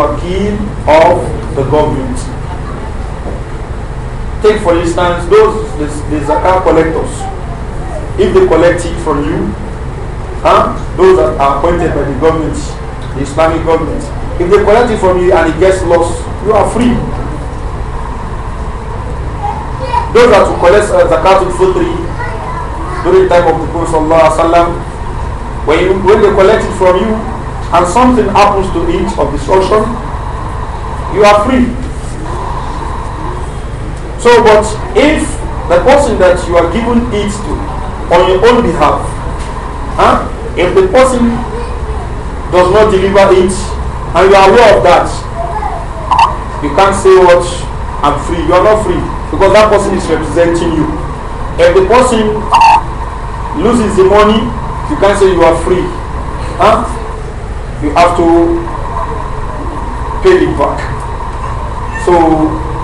wakil of the government. Take for instance those the, the zakat collectors. If they collect it from you, huh? those that are appointed by the government, the Islamic government, if they collect it from you and it gets lost, you are free. Those that will collect uh, zakat al-fitri during the time of the Prophet sallallahu when, when they collect it from you, and something happens to it of destruction, you are free. So, but if the person that you are giving it to on your own behalf, huh, if the person does not deliver it and you are aware of that, you can't say what I'm free. You are not free because that person is representing you. If the person loses the money, you can't say you are free. Huh? you have to pay it back. So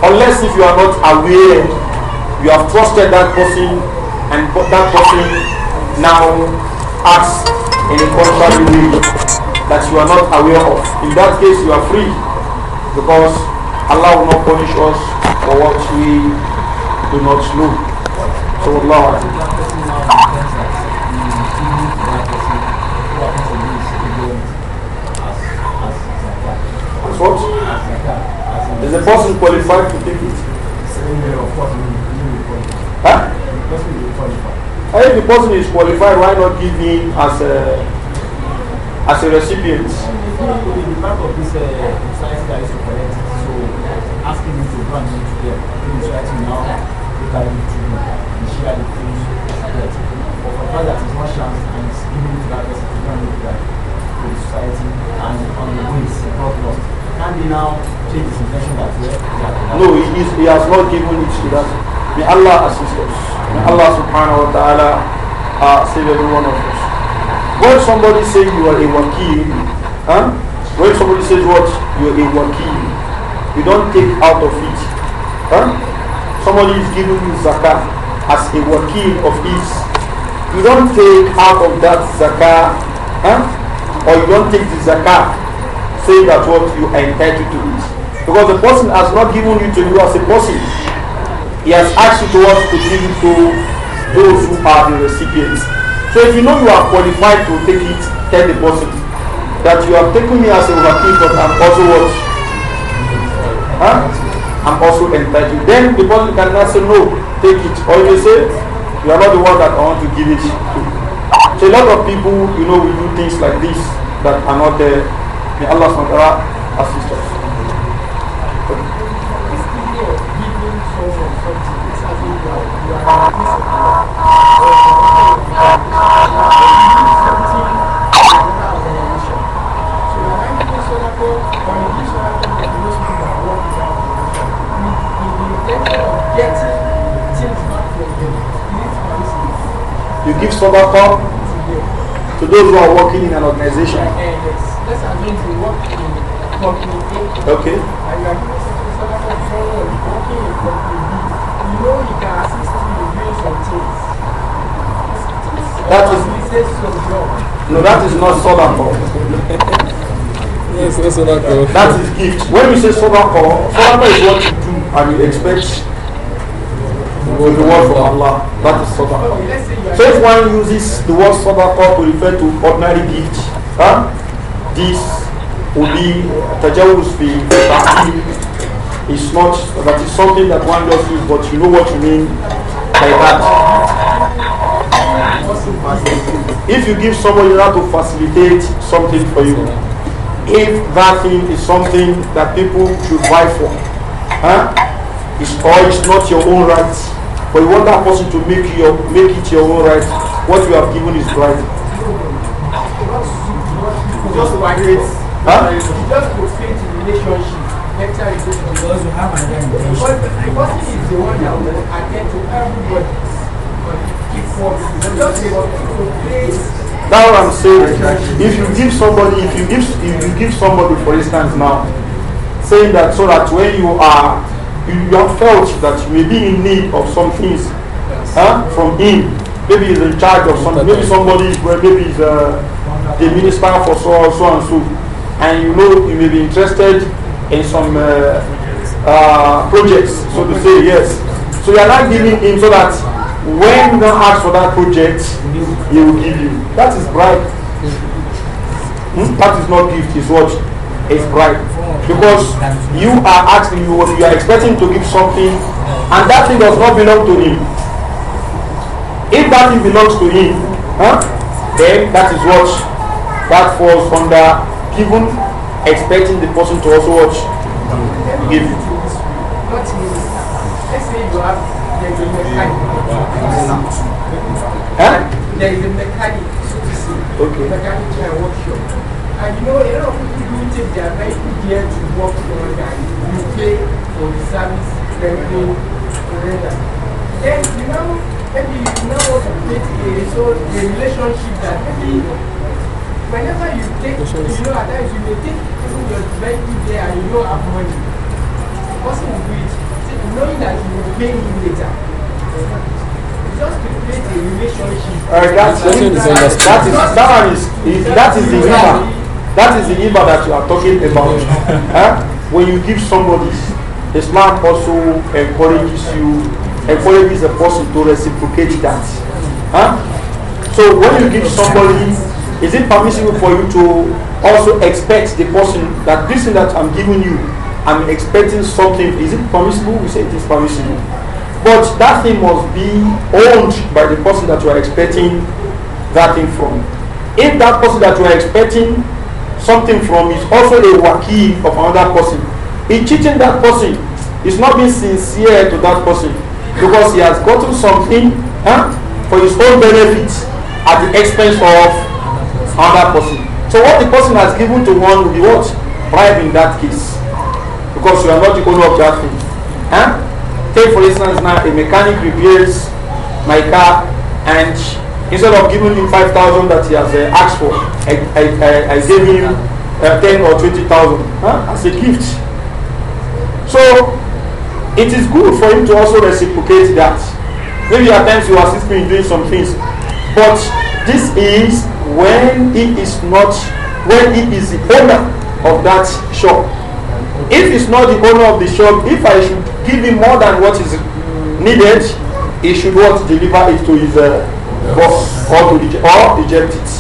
unless if you are not aware, you have trusted that person and that person now acts in a contrary way that you are not aware of. In that case you are free because Allah will not punish us for what we do not know. So Allah. and what? Is the person qualified to take it? Huh? If the person is qualified, why not give him as a as a recipient? so uh, asking him to go and meet there, he's now, No, he, is, he has not given it to us. May Allah assist us. May Allah subhanahu wa ta'ala uh, save every one of us. When somebody says you are a wakil, huh? when somebody says what? You are a wakil. You don't take out of it. Huh? Somebody is giving you zakah as a wakil of his. You don't take out of that zakah huh? or you don't take the zakah say that what you are entitled to is. Because the person has not given you to you as a person. He has asked you to what to give it to those who are the recipients. So if you know you are qualified to take it, tell the person that you have taken me as a wakil, but I'm also what? Huh? I'm also entitled. Then the person can say no, take it. Or you say, you are not the one that I want to give it to. So a lot of people, you know, we do things like this that are not there. May Allah subhanahu assist us. You give sadaqah to those who are working in an organization. Okay. That is no, that is not sodako. yes, that's sodako. That is gift. When we say sodako, sodako is what you do and you expect the reward from Allah. That is sodako. So if one uses the word sodako to refer to ordinary gift, huh? this would be tajawuz fi It's not that is something that one just use, but you know what you mean by that. If you give someone, you have to facilitate something for you. If that thing is something that people should buy for, huh? it's, or it's not your own right, but you want that person to make, your, make it your own right, what you have given is right. Just migrate. Huh? Just create a relationship. Next you to the girls, you Because the person is the one that will attend to everybody. That's what I'm saying. If you give somebody, if you give, if you give somebody, for instance, now, saying that so that when you are, you, you have felt that you may be in need of some things huh, from him. Maybe he's in charge of something. Maybe somebody is, maybe he's a uh, the minister for so, so and so, and you know you may be interested in some uh, uh, projects, so to say, yes. So you are not giving him so that when you don't ask for that project, he will give you. That is bribe. Hmm? That is not gift, it's what? It's bribe. Because you are asking, you, you are expecting to give something, and that thing does not belong to him. If that thing belongs to him, huh, then that is what? That falls under given, expecting the person to also watch. Give. there is a mechanic, so to say, okay. mechanic chair workshop. And you know, a lot of people do take their very good year to work for and you pay for the service for forever. Then you know, maybe you know what to create a, so a relationship that maybe whenever you take, you know, at times you may take even your very good year and you know have money. The person will do it, knowing that you will pay him later. Alright, that's that is, that is that is the iba. That is the iba that you are talking about. huh? When you give somebody, Islam also encourages you, encourages the person to reciprocate that. Huh? So when you give somebody, is it permissible for you to also expect the person that this thing that I'm giving you, I'm expecting something. Is it permissible? We say it is permissible. But that thing must be owned by the person that you are expecting that thing from. If that person that you are expecting something from is also a waki of another person, in cheating that person, is not being sincere to that person because he has gotten something huh, for his own benefit at the expense of another person. So what the person has given to one will be what? Bribe in that case. Because you are not the owner of that thing. Huh? Take for instance now a mechanic repairs my car and instead of giving him 5,000 that he has uh, asked for, I, I, I, I gave him uh, 10 or 20,000 huh? as a gift. So it is good for him to also reciprocate that. Maybe at times you assist me in doing some things, but this is when he is not, when he is the owner of that shop. If it's not the owner of the shop, if I should give him more than what is needed, he should to deliver it to his uh, boss or to the, or reject it.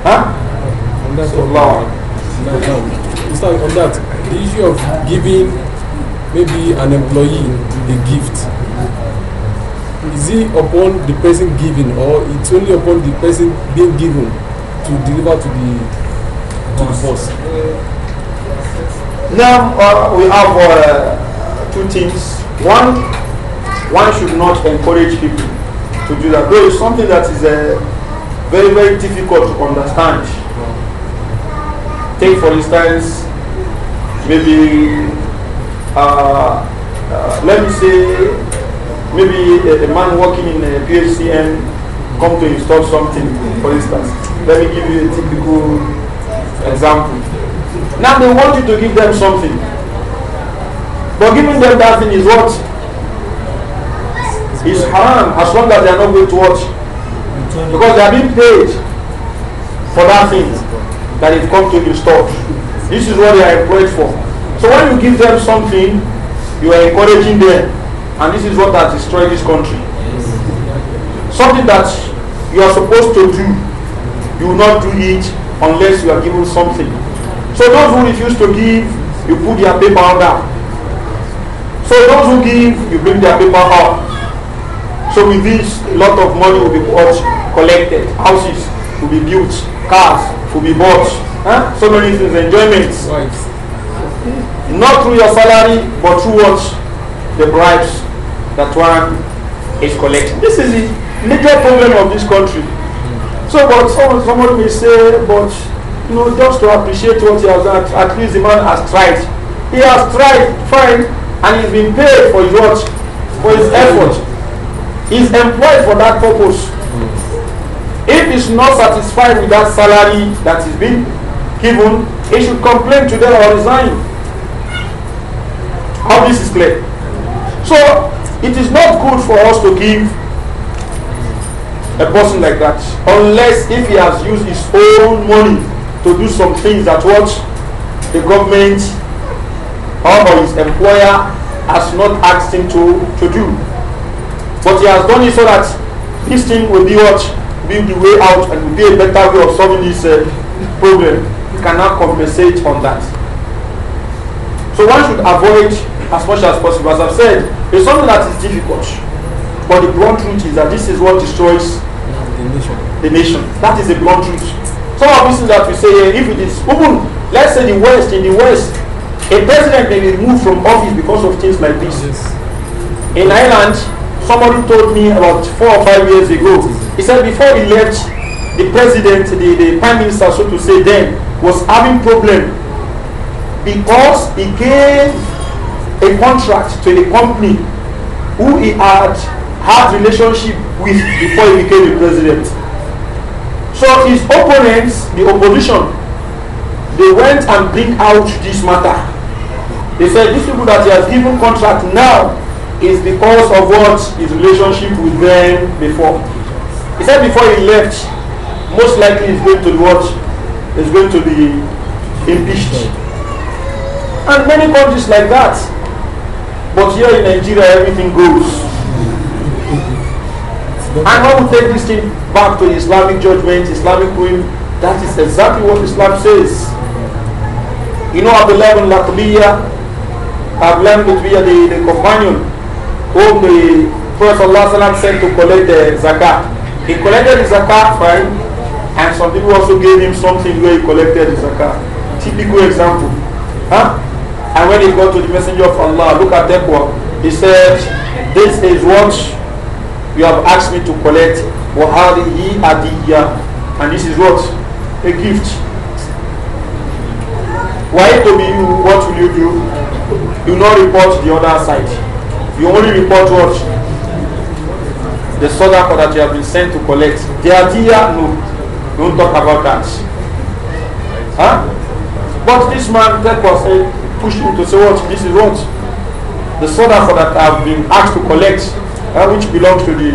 Huh? On that, so, on, on that, the issue of giving maybe an employee a gift is it upon the person giving or it's only upon the person being given to deliver to the to the boss? Uh, now uh, we have uh, two things. One, one should not encourage people to do that. Though it's something that is uh, very, very difficult to understand. Take for instance, maybe uh, uh let me say, maybe a, a man working in a uh, PHCN come to install something. For instance, let me give you a typical example. Now they want you to give them something. But giving them that thing is what? It's haram as long as they are not going to watch. Because they are being paid for that thing that is come to the store. This is what they are employed for. So when you give them something, you are encouraging them. And this is what has destroyed this country. Something that you are supposed to do, you will not do it unless you are given something. So those who refuse to give, you put their paper down. So those who give, you bring their paper up. So with this, a lot of money will be bought, collected, houses will be built, cars will be bought, huh? so many things, enjoyments. Not through your salary, but through what? The bribes that one is collecting. This is the major problem of this country. So, but someone, may say, but you know, just to appreciate what he has done. At least the man has tried. He has tried, fine, and he's been paid for his what? For his effort. He's employed for that purpose. If he's not satisfied with that salary that is being given, he should complain to them or resign. How this is clear. So, it is not good for us to give a person like that unless if he has used his own money to do some things that what the government or his employer has not asked him to, to do. But he has done it so that this thing will be what will be the way out and will be a better way of solving this uh, problem. He cannot compensate on that. So one should avoid as much as possible. As I've said, it's something that is difficult. But the blunt truth is that this is what destroys the nation. The nation. That is the blunt truth. Some of these things that we say, if it is even, let's say the West, in the West, a president may be removed from office because of things like this. Yes. In Ireland, somebody told me about four or five years ago, he said before he left, the president, the, the prime minister, so to say, then was having problem because he gave a contract to a company who he had had relationship with before he became the president. So his opponents, the opposition, they went and bring out this matter. They said this people that he has given contract now is because of what his relationship with them before. He said before he left, most likely is going to what is going to be impeached. And many countries like that. But here in Nigeria everything goes. And how will take this thing back to Islamic judgment, Islamic ruling. That is exactly what Islam says. You know, Abdullah ibn Laqbiya, Abdullah ibn Laqbiya, the, the companion whom the first Allah sent to collect the zakat. He collected the zakat, fine, and some people also gave him something where he collected the zakat. Typical example. Huh? And when he got to the messenger of Allah, look at one. He said, This is what you have asked me to collect وَهَذِهِ Adiya, And this is what? A gift. Why to be you, what will you do? Do not report the other side. You only report what? The sadaqah that you have been sent to collect. The Adiya, no. Don't talk about that. Huh? But this man that was pushed him to say what? This is what? The sadaqah that I have been asked to collect uh, which belongs to the,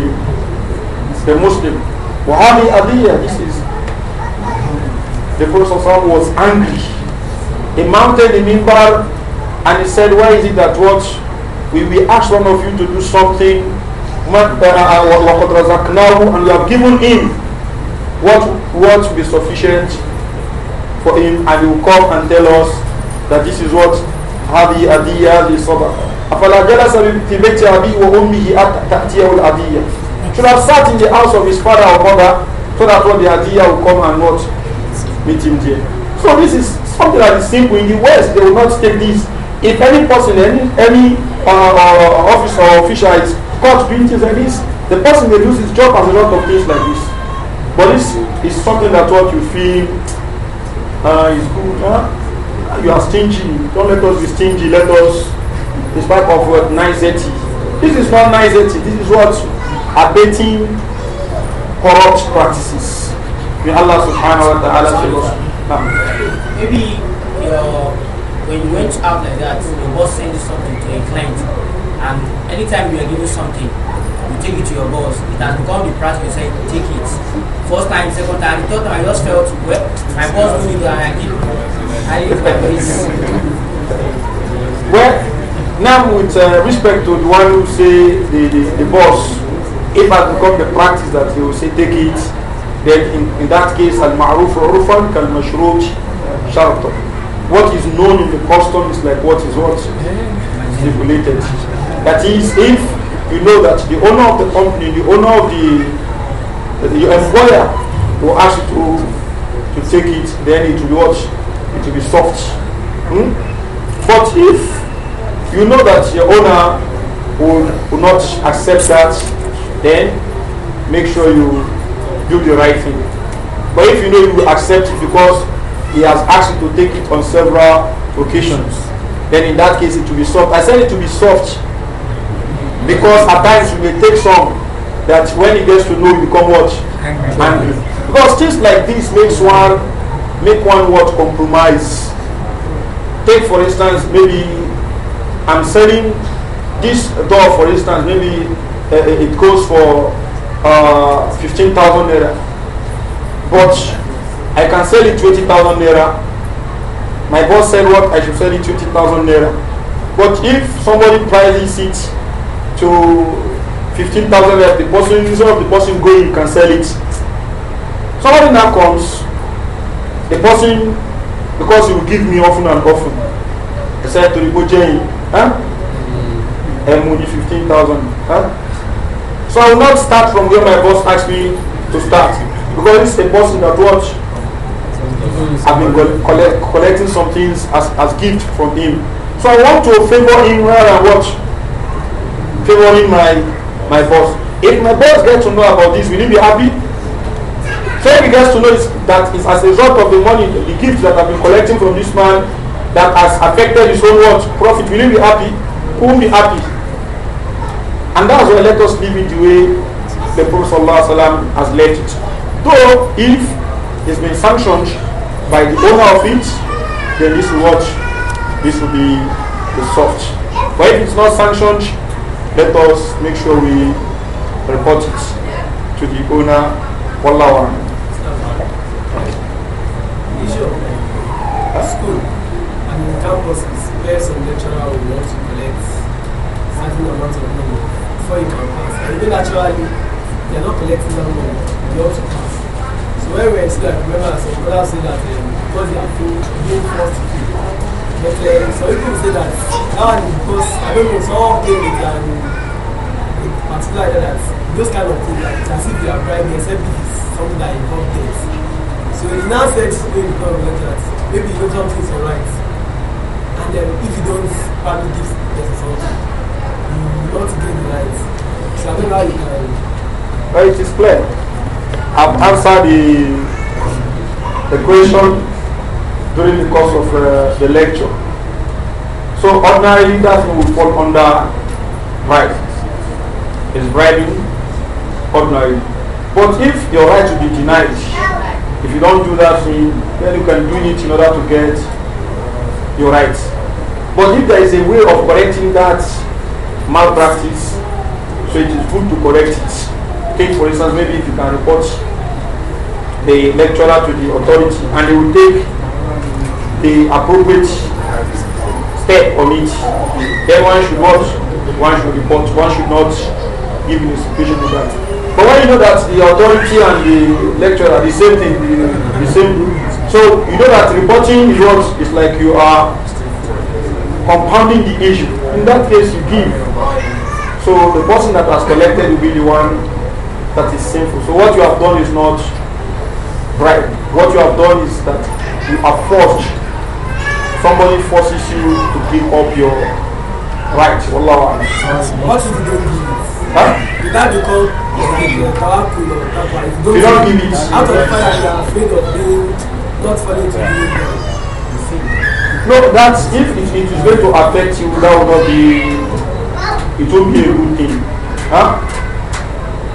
the Muslim. Wahami Aliyah, this is the Prophet was angry. He mounted the mimbar and he said, Why is it that what we, we ask one of you to do something uh, uh, and you have given him what what will be sufficient for him and he will come and tell us that this is what Hadi Adiya the afala jalasa fi baiti abi wa ummihi ta'tiyahu al-adiyya should have sat in the house of his father or mother so that all the adiyya will come and not meet him there so this is something that is simple in the west they will not take this if any person any any uh, uh, officer or official is caught doing things like this the person may lose his job as a result of things like this but this is something that what you feel uh, is good huh? you are stingy don't let us be stingy let us This part of what 980. This is not 980. This is what abating corrupt practices. May Allah subhanahu wa ta'ala Maybe you know, when you went out like that, your boss sent something to a client, and anytime you are given something, you take it to your boss. It has become the price. You say, take it. First time, second time, third time, I just felt, well, my boss knew it and I did. I did my best. Well, now, with uh, respect to the one who say the, the, the boss, if has become the practice that he will say take it, then in, in that case, al-ma'ruf rufan kal-mashruj sharta. What is known in the custom is like what is what? Stipulated. That is, if you know that the owner of the company, the owner of the, the employer will ask you to, to take it, then it will be what? It will be soft. Hmm? But if you know that your owner will, will not accept that, then make sure you do the right thing. But if you know you will accept it because he has asked you to take it on several occasions, then in that case it will be soft. I said it to be soft because at times you may take some that when he gets to know you become what? Angry. Because things like this makes one make one what compromise. Take for instance maybe I'm selling this door, for instance, maybe uh, uh it goes for uh, 15,000 naira, but I can sell it 20,000 naira. My boss said what I should sell it 20,000 naira. But if somebody prices it to 15,000 naira, the person, instead of the person going, can sell it. Somebody now comes, the person, because he will give me often and often, I said to the Bojain, Huh? only 15,000. Huh? So I will not start from where my boss asked me to start. Because it's a in that watch. I've been collect, collecting some things as, as gift from him. So I want to favor him where I watch. Favoring my my boss. If my boss gets to know about this, will he be happy? So he gets to know that it's as a result of the money, the gift that I've been collecting from this man, that has affected his own much. Prophet, will you be happy? Who will be happy? And that's why let us live it the way the Prophet ﷺ has left it. Though if it's been sanctioned by the owner of it, then this will This will be the soft. But if it's not sanctioned, let us make sure we report it to the owner. Wallahu Issue. That's good the campuses where some lecturer will want to collect certain amounts of money before you can pass. And even actually, they're not collecting that money, they also pass. So when we were still, I remember some brothers say that um, because they are being forced to pay. But um, some people say that now because, I don't know, some play with um, particular that those kind of things, like, as if they are bribing, except if it's something that involves So he now said, maybe not like that. Maybe you don't think it's alright and then if you don't value this result, you will not gain the right. So I don't know how you can. it is clear. I've answered the, the question during the course of uh, the lecture. So ordinary that will fall under right. It's bribing ordinary. But if your right to be denied, if you don't do that thing, then you can do it in order to get your rights. But if there is a way of correcting that malpractice, so it is good to correct it. Take for instance, maybe if you can report the lecturer to the authority and they will take the appropriate step on it, then one should not, one should report, one should not give an institution to that. But when you know that the authority and the lecturer are the same thing, the, the same, so you know that reporting is what is like you are compounding the issue. In that case, you give. So the person that has collected will be the one that is sinful. So what you have done is not right. What you have done is that you are forced. Somebody forces you to give up your right. Wallah. What if you don't give it? Huh? Did that you call you don't give it. Out of the that you are afraid of being not following to no, that's if, it is going to affect you, that will not be, it will be a good thing. Huh?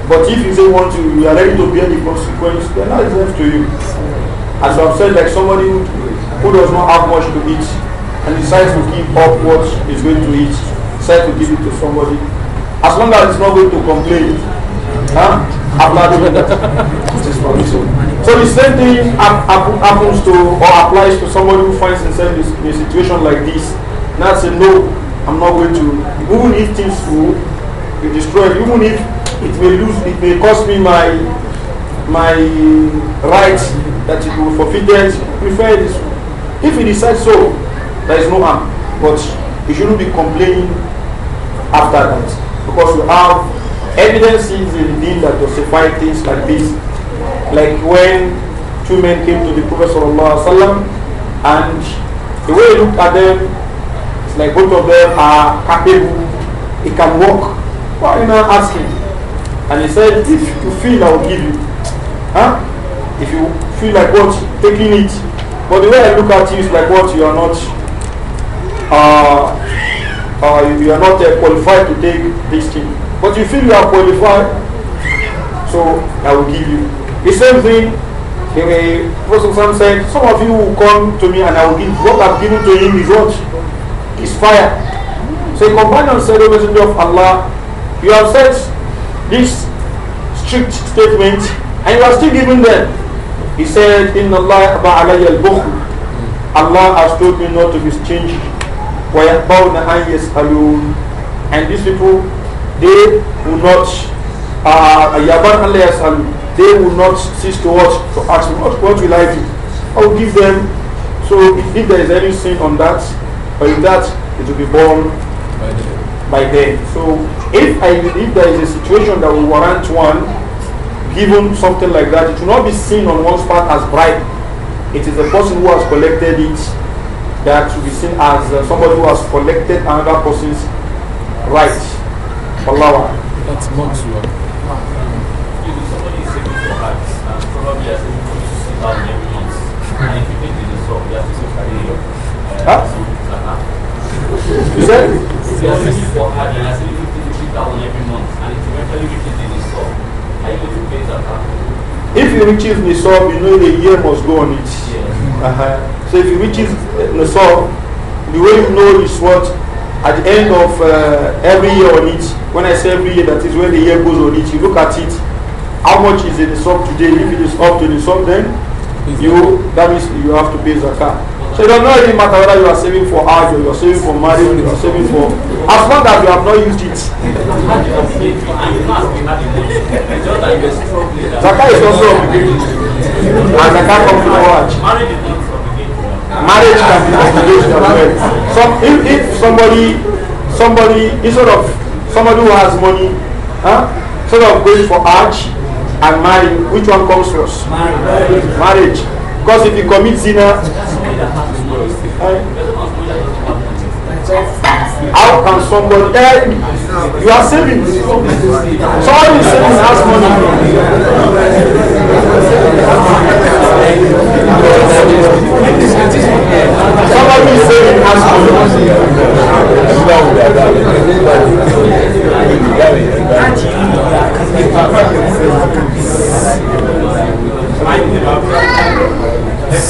But if you say want to, you are ready to bear the consequence, then that is left to you. As I've said, like somebody who, who does not have much to eat and decides to keep up what is going to eat, decides to give it to somebody, as long as it's not going to complain, huh? I'm not doing that. for not so. So the same thing happens to or applies to somebody who finds himself in a situation like this. Now say, no, I'm not going to. Even if things will be destroy. even if it may lose, it may cost me my my right that it will forfeited, prefer this. If he decides so, there is no harm. But he shouldn't be complaining after that because you have evidences in the deal that justify things like this like when two men came to the Prophet and the way he looked at them, it's like both of them are capable, he can walk. Why you not asking? And he said, if you feel, I will give you. Huh? If you feel like what? Taking it. But the way I look at you is like what? You are not uh, uh, you are not uh, qualified to take this thing. But you feel you are qualified, so I will give you. The same thing, the Prophet said, Some of you will come to me and I will give what I've given to him is what? Is fire. So the companion said, O Messenger of Allah, you have said this strict statement and you are still giving them. He said, Inna Allah alayya al Allah has told me not to be stingy. And these people, they will not. Uh, they will not cease to watch to ask me, what, what will I do? I will give them. So if, if there is any sin on that, or in that, it will be borne by them. So if I if there is a situation that will warrant one given something like that, it will not be seen on one's part as bribe. It is the person who has collected it that should be seen as uh, somebody who has collected another person's right. Allah. That's much. Huh? You said? reaches the nisab. you If reaches you know the year must go on it. Yes. Uh -huh. So if you reaches uh, nisab, the way you know is what at the end of uh, every year on it. When I say every year, that is when the year goes on it. You look at it. How much is in the sub today? If it is up to the sub, then you that means you have to pay zakat. So you don't not even matter whether you are saving for house or you are saving for marriage or you are saving for as long as you have not used it. Zakah is also and ah, Zakah comes from watch. Marriage can be obligation as well. Some if, if somebody somebody instead of somebody who has money, huh? Instead of going for arch and marrying, which one comes first? Marriage. Marriage. Because if you commit zina, How can somebody eh, you are saving somebody you saving has money somebody is saving has money. Let's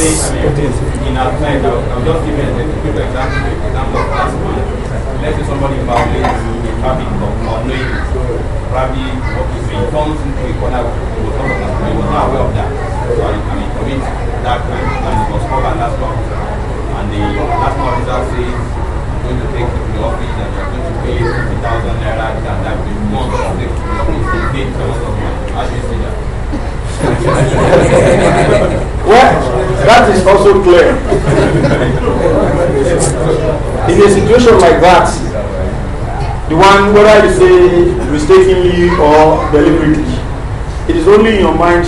say at times, I'll, I'll just give an example, example of last month. Let's say somebody violates a traffic law or knowing probably what is being comes into a corner of the was not aware of that. So I, I mean, commit that crime and it was covered last month. And the last month officer says, I'm going to take you to the office and you're going to pay 50,000 naira and that will month of the office. How do you see that? Well, that is also clear. In a situation like that, the one, whether you say mistakenly or deliberately, it is only in your mind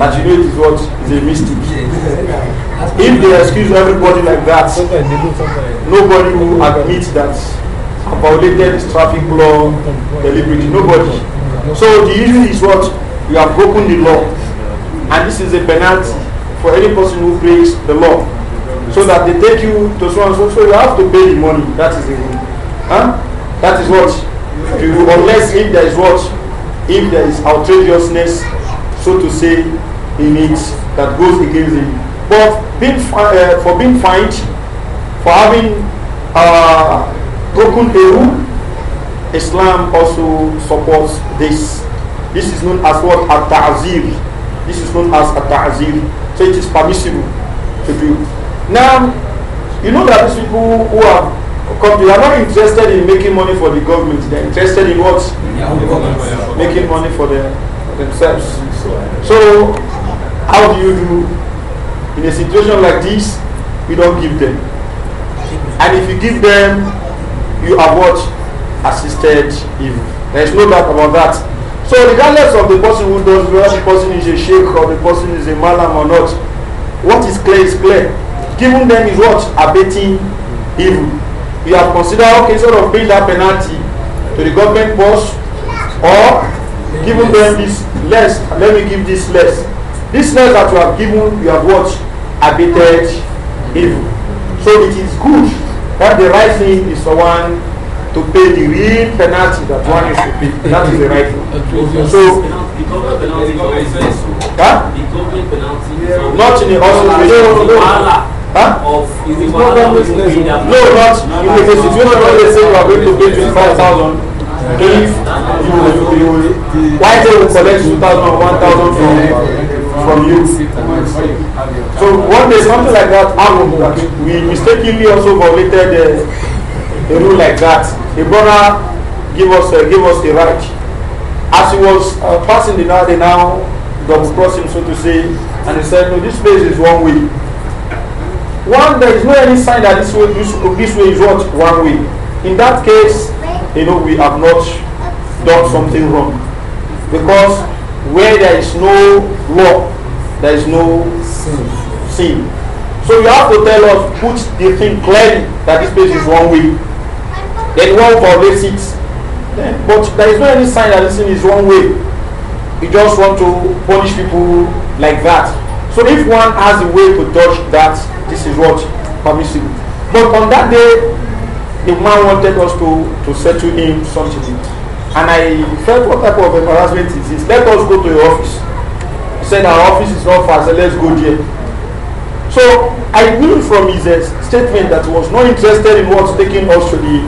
that you know it is what is a mistake. If they excuse everybody like that, nobody will admit that I violated traffic law deliberately. Nobody. So the issue is what? You have broken the law. And this is a penalty for any person who breaks the law. So that they take you to so and so. So you have to pay the money. That is the huh? That is what you do. Unless if there is what if there is outrageousness, so to say, in it that goes against it. But being uh, for being fined, for having uh, broken a rule, Islam also supports this. This is known as what? At-Ta'zir. This is known as At-Ta'zir. faith is permissible to do. Now, you know that these people who have come, they are not interested in making money for the government. They are interested in what? making money for, the, themselves. So, how do you do in a situation like this? You don't give them. And if you give them, you are what? Assisted evil. There is no doubt about that. So regardless of the person who does, whether the person is a sheikh or the person is a malam or not, what is clear is clear. Giving them is what? Abating evil. We have considered, okay, sort of paying that penalty to the government boss or giving them this less. Let me give this less. This less that you have given, you have what? Abated evil. So it is good that the right thing is for one to pay the real penalty that one is to pay. That is the right thing. So, the government penalty is huh? The government penalty is not in the hospital. No, no. Huh? Of is the no, no, no, not in the case. If you don't know, say you are going to pay twenty-five thousand, if you will, why they will collect two thousand or one thousand from from you? So one day something like that happened that we mistakenly also violated. Uh, a rule like that. A brother give us uh, give us a right. As he was uh, passing the Nadi now double crossed him, so to say, and he said, "No, this place is one way." One, there is no any sign that this way this, this way is what one way. In that case, you know, we have not done something wrong because where there is no law, there is no sin. sin. So you have to tell us, put the thing clearly that this place is one way. then one violates it. Then, but there is no any sign that this thing is one way. You just want to punish people like that. So if one has a way to dodge that, this is what permissible. But on that day, the man wanted us to, to settle him something. And I felt what type of embarrassment it is Let us go to your office. He said our office is not far, so let's go there. So I knew from his uh, statement that he was not interested in what's taking us to the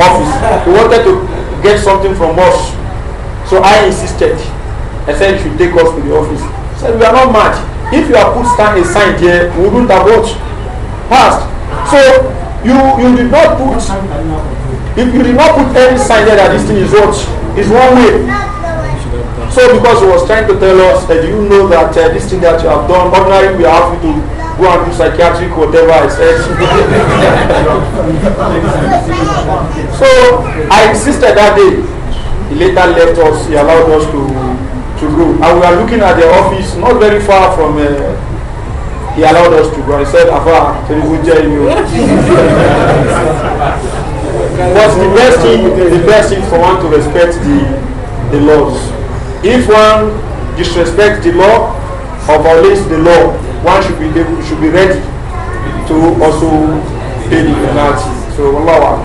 office. He wanted to get something from us. So I insisted. I said, you should take us to the office. He said, we are not mad. If you have put stand a sign there, we wouldn't have watched. Passed. So you you did not put if you did not put any sign there that this thing is what is one way. So because he was trying to tell us, uh, do you know that uh, this thing that you have done, ordinarily we have to go and do psychiatric whatever I said. so I insisted that day. He later left us, he allowed us to, to go. And we are looking at the office, not very far from, uh, he allowed us to go. He said, Afa, can you you? But the best thing, the best thing for one to respect the, the laws. If one disrespects the law or violates the law, one should be able, should be ready to also pay the penalty. So Allah.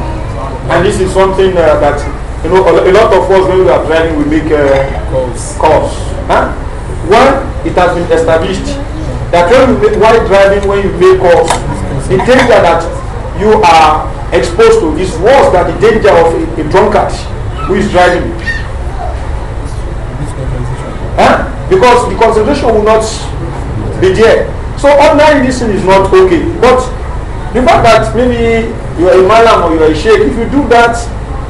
And this is something uh, that you know a, lot of us when we are driving we make uh, calls. calls. Huh? One, it has been established that when you make, while driving when you make calls, the danger that you are exposed to is worse than the danger of a, a drunkard who is driving. Huh? Because the concentration will not be there. So ordinary listening is not okay. But the fact that maybe you are a malam or you are a sheikh, if you do that,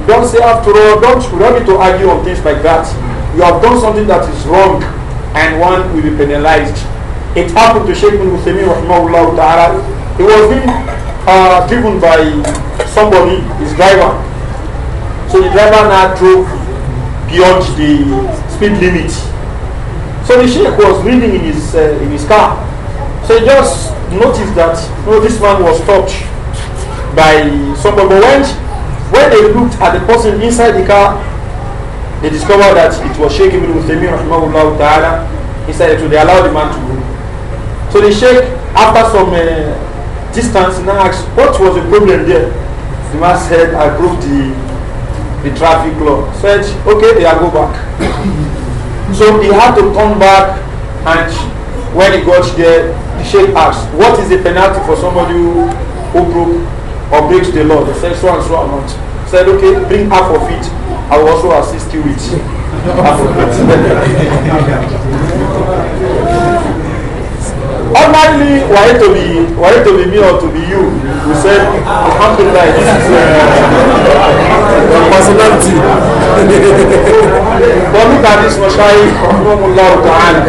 don't say after all, don't run don't to argue on things like that. You have done something that is wrong and one will be penalized. It happened to Sheikh bin Uthaymeen rahmahullah ta'ala. He was being uh, driven by somebody, his driver. So the driver now drove beyond the speed limit. So the sheikh was reading in his, uh, in his car. So he just noticed that you know, this man was touched by somebody. But when, when they looked at the person inside the car, they discovered that it was Sheikh Ibn Uthaymeen rahmahullah ta'ala. He said to they allowed the man to go. So the Sheikh, after some uh, distance, now asked, what was the problem there? The man said, I broke the, the traffic law. Said, okay, they are go back. So he had to come back and when he got there, the sheikh asked, what is the penalty for somebody who, who broke or breaks the law? They said, so and so amount. Said, okay, bring half of it. I will also assist you with half of it. Ordinarily, why to be why to be me or to be you? We said, like this is uh, personality. But look at this Mashaykh, Allah Ta'ala.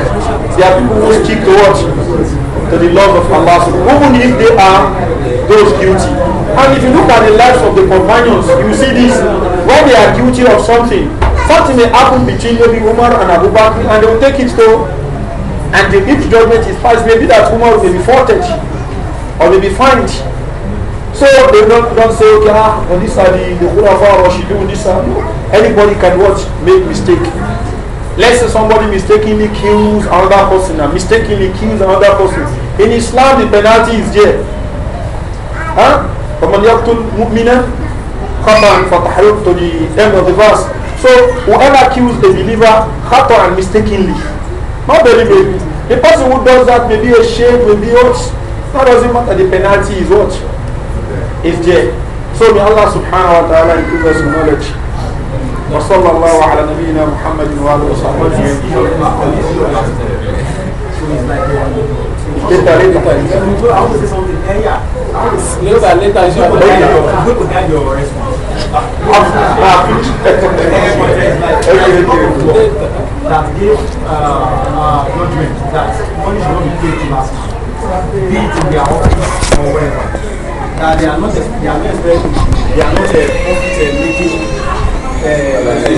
They are people who stick to what? To the laws of Allah. even if they are those guilty. And if you look at the lives of the companions, you see this. When they are guilty of something, something may happen between maybe Umar and Abu Bakr, and they will take it to and the, if judgment is passed, maybe that Umar may be faulted or may be fined So they don't, don't say, okay, ah, on this side, the, the Khulafa Rashidun, this side." Anybody can watch, make mistake. Let's say somebody mistakenly kills another person and mistakenly kills another person. In Islam, the penalty is there. Huh? ومن يقتل مؤمنا خطأ فتحرير to the end of the verse. So whoever kills a believer خطأ and mistakenly, not deliberately. The person who does that may be a shame, may be what. That doesn't matter. The penalty is what. is there. So may Allah subhanahu wa ta'ala give us knowledge. وصلى الله على نبينا محمد وآله وصحبه أجمعين. that uh, they are not, they are not, they are they are not, uh, they uh,